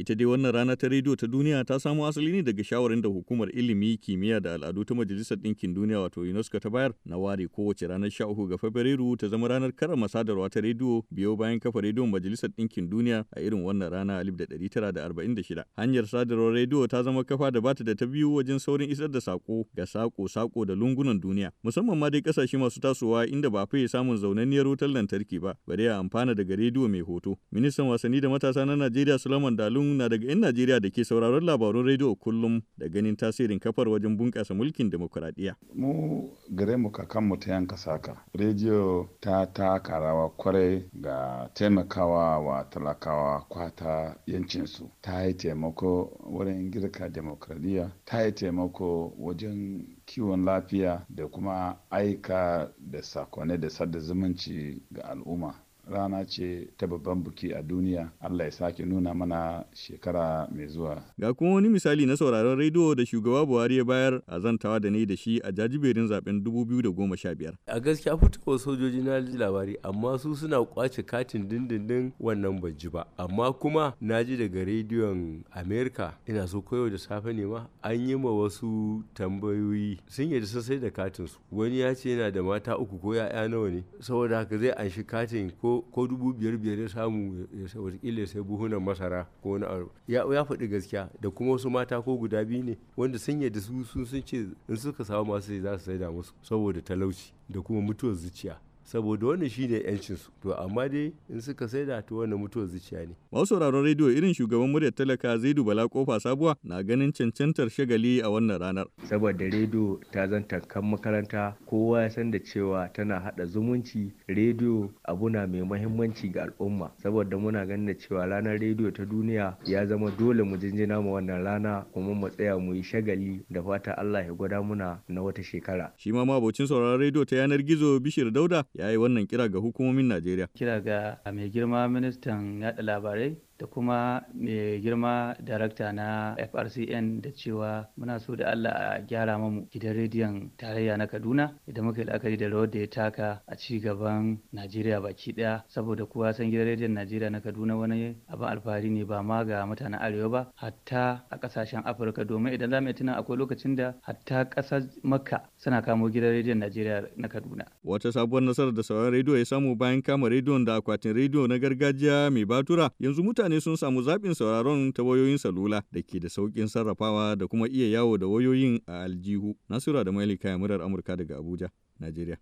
Ita dai wannan rana ta rediyo ta duniya ta samo asali ne daga shawarin da hukumar ilimi, kimiyya da al'adu ta Majalisar Ɗinkin Duniya wato UNESCO ta bayar na ware kowace ranar sha uku ga Fabrairu ta zama ranar karama sadarwa ta rediyo biyo bayan kafa rediyon Majalisar Ɗinkin Duniya a irin wannan rana da da da tara arba'in shida Hanyar sadarwar rediyo ta zama kafa da bata da ta biyu wajen saurin isar da sako ga sako saƙo da lungunan duniya musamman ma dai kasashe masu tasowa inda ba fiye samun zaunanniyar wutar lantarki ba bare a amfana daga rediyo mai hoto. Ministan wasanni da matasa na Najeriya Sulaiman Dalun na daga 'yan Najeriya da ke sauraron labarun rediyo kullum da ganin tasirin kafar wajen bunƙasa mulkin demokuraɗiyya. Mu gare mu ka kan ta yanka saka. Rediyo ta taka rawa kwarai ga taimakawa wa talakawa kwata yancinsu. Ta yi taimako wurin girka demokuraɗiyya, ta yi taimako wajen kiwon lafiya da kuma aika da sakone da sada zumunci ga al'umma. rana ce ta babban buki a duniya Allah ya sake nuna mana shekara mai zuwa. Ga kuma wani misali na sauraron rediyo da shugaba Buhari ya bayar a zantawa da ne da shi a jajiberin zaben 2015. A gaskiya fitowa sojoji na ji labari amma su suna kwace katin dindindin wannan ban ba. Amma kuma na ji daga rediyon Amerika ina so koyo da safe ne ma an yi ma wasu tambayoyi sun yi sai da katin su. Wani ya ce yana da mata uku ko ya'ya nawa ne saboda haka zai anshi katin ko ko dubu biyar biyar ya samu watakila sai buhunan masara ko wani abu ya faɗi gaskiya da kuma wasu mata ko guda biyu ne wanda sun yadda su sun ce in suka samu masu za su saida musu saboda talauci da kuma mutuwar zuciya saboda wani shi ne yancinsu to amma dai in suka saida to wani mutuwar zuciya ne. masu sauraron rediyo irin shugaban muryar talaka zaidu bala kofa sabuwa na ganin cancantar shagali a wannan ranar. saboda rediyo ta zanta kan makaranta kowa ya san da cewa tana hada zumunci rediyo abu na mai mahimmanci ga al'umma saboda muna ganin da cewa ranar rediyo ta duniya ya zama dole mu jinjina ma wannan rana kuma mu tsaya mu yi shagali da fata Allah ya gwada muna na wata shekara. shi ma mabocin sauraron rediyo ta yanar gizo bishir dauda ya yi wannan kira ga hukumomin Najeriya. Kira ga mai girma ministan yada labarai da kuma mai girma darakta na FRCN da cewa muna so da Allah a gyara mamu gidan rediyon tarayya na Kaduna idan muka yi la'akari da rawar da ya taka a ci gaban Najeriya baki daya saboda kuwa san gidan rediyon Najeriya na Kaduna wani abin alfahari ne ba ma ga mutanen Arewa ba hatta a kasashen Afirka domin idan za mu tuna akwai lokacin da hatta kasar Makka suna kamo gidan rediyon Najeriya na Kaduna. Wata sabuwar nasarar da sauran rediyo ya samu bayan kama rediyon da akwatin rediyo na gargajiya mai batura yanzu mutane mutane sun samu zaɓin sauraron ta wayoyin salula da ke da sauƙin sarrafawa da kuma iya yawo da wayoyin a aljihu. Nasura da Mailika murar Amurka daga Abuja, Najeriya.